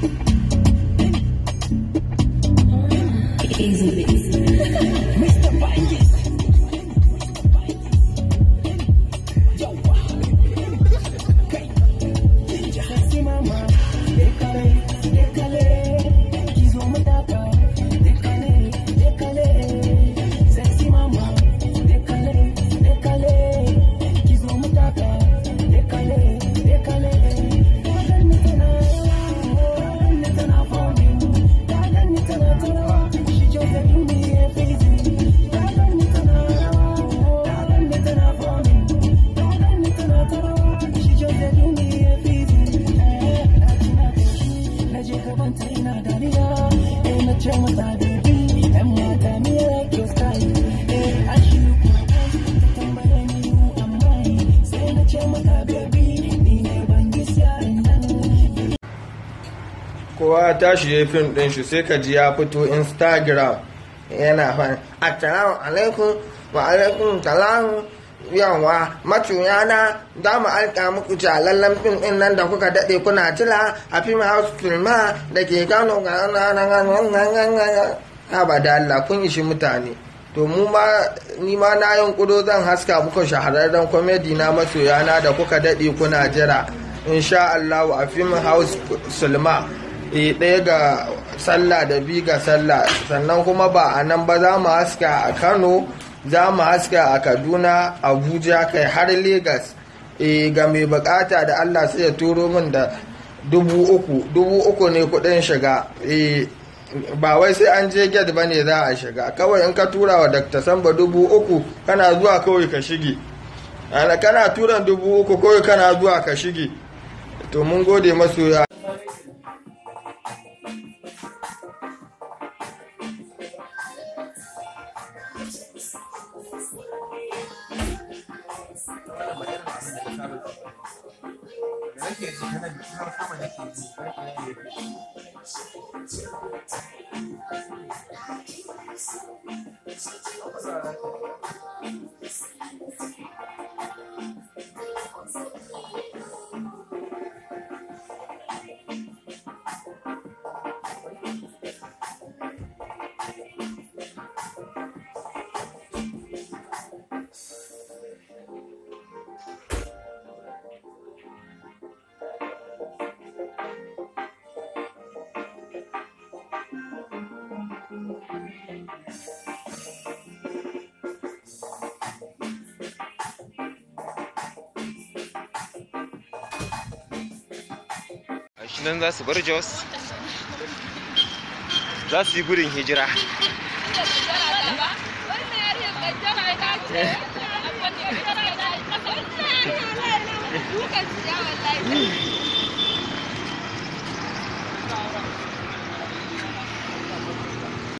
Thank you. kowa tashi ya fim ɗin shi sai ka ji ya fito instagram yana fara assalamu alaikum wa alaikum salam yawa maciya na za mu alka muku jalallen fim ɗin nan da kuka daɗe kuna tila a fim house filma da ke kano ga abada Allah kun ishi mutane to mu ma ni ma na yankudo zan haska muku shahararren komedi na masoyana da kuka daɗe kuna jira insha Allah a film house sulma e ɗaya ga sallah da bi ga sallah sannan kuma ba a nan ba za mu haska a Kano za mu haska a Kaduna Abuja kai har Lagos e eh, ga mai bukata da Allah sai ya turo min da dubu uku dubu uku ne kuɗin shiga e ba wai sai an je get ba ne za a shiga kawai in ka tura wa dakta samba dubu uku kana zuwa kawai ka shige kana turan dubu uku kawai kana zuwa ka shige to mun gode ya Thank you. Sorry. nan za su bar jos za su yi gudun hijira Mm.